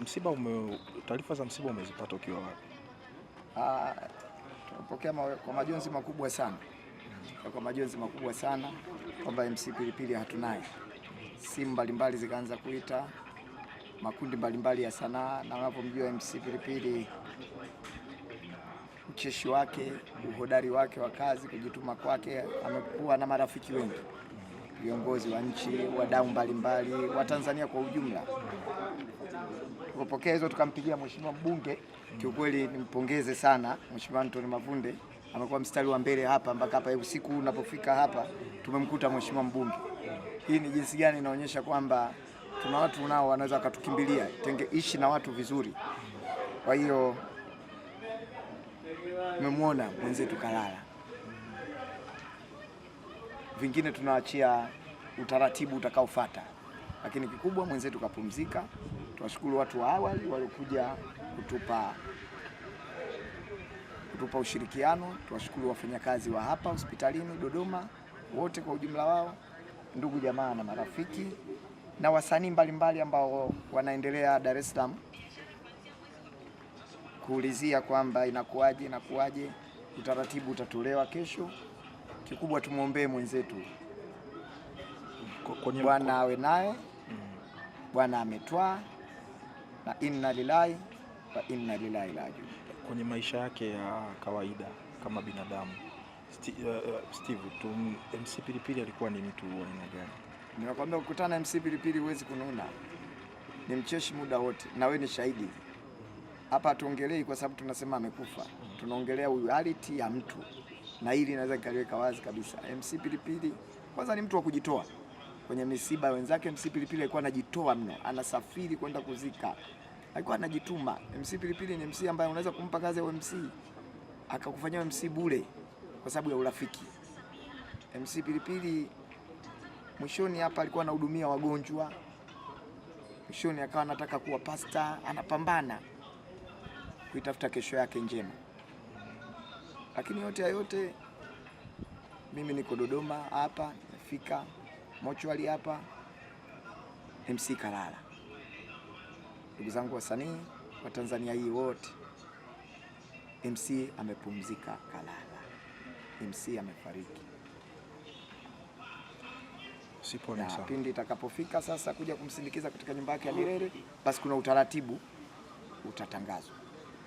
Msiba ume taarifa za msiba umezipata ukiwa wapi? Ah, tumepokea kwa majonzi makubwa sana, kwa majonzi makubwa sana kwamba MC Pilipili hatunaye. Simu mbalimbali zikaanza kuita makundi mbalimbali ya sanaa, na wanapomjua MC Pilipili, ucheshi wake, uhodari wake wa kazi, kujituma kwake, amekuwa na marafiki wengi viongozi wa nchi, wadau mbalimbali wa Tanzania kwa ujumla. Tukapokea hizo tukampigia mheshimiwa mbunge, kiukweli nimpongeze sana Mheshimiwa Anthony Mavunde, amekuwa mstari wa mbele hapa mpaka hapa usiku unapofika hapa tumemkuta mheshimiwa mbunge. Hii ni jinsi gani inaonyesha kwamba tuna watu nao wanaweza wakatukimbilia, tenge ishi na watu vizuri. Kwa hiyo umemwona mwenzetu kalala vingine tunaachia utaratibu utakaofuata, lakini kikubwa mwenzetu kapumzika. Tuwashukuru watu wa awali waliokuja kutupa kutupa ushirikiano. Tuwashukuru wafanyakazi wa hapa hospitalini Dodoma wote kwa ujumla wao, ndugu jamaa na marafiki, na wasanii mbalimbali ambao wanaendelea Dar es Salaam kuulizia kwamba inakuwaje, inakuwaje. Utaratibu utatolewa kesho kikubwa tumwombee mwenzetu Bwana awe naye. Mm. Bwana ametwaa na inna lillahi wa inna ilaihi rajiun. Kwenye maisha yake ya kawaida kama binadamu uh, uh, Steve, uh, tu MC Pilipili alikuwa ni mtu wa aina gani? Ninakwambia kukutana MC Pilipili huwezi kununa, ni mcheshi muda wote, na wewe ni shahidi hapa. hatuongelei kwa sababu tunasema amekufa, mm. tunaongelea reality ya mtu na hili naweza nikaliweka wazi kabisa. MC Pilipili kwanza ni mtu wa kujitoa kwenye misiba wenzake. MC Pilipili alikuwa anajitoa mno, anasafiri kwenda kuzika, alikuwa anajituma. MC Pilipili ni MC ambaye unaweza kumpa kazi ya MC akakufanyia MC bure kwa sababu ya urafiki. MC Pilipili mwishoni hapa alikuwa anahudumia wagonjwa, mwishoni akawa anataka kuwa pasta, anapambana kuitafuta kesho yake njema. Lakini yote ya yote, mimi niko Dodoma hapa, nimefika mochwali hapa MC Kalala. Ndugu zangu wasanii wa Tanzania hii wote, MC amepumzika Kalala, MC amefariki. Siponi pindi itakapofika sasa kuja kumsindikiza katika nyumba yake ya milele, basi kuna utaratibu utatangazwa.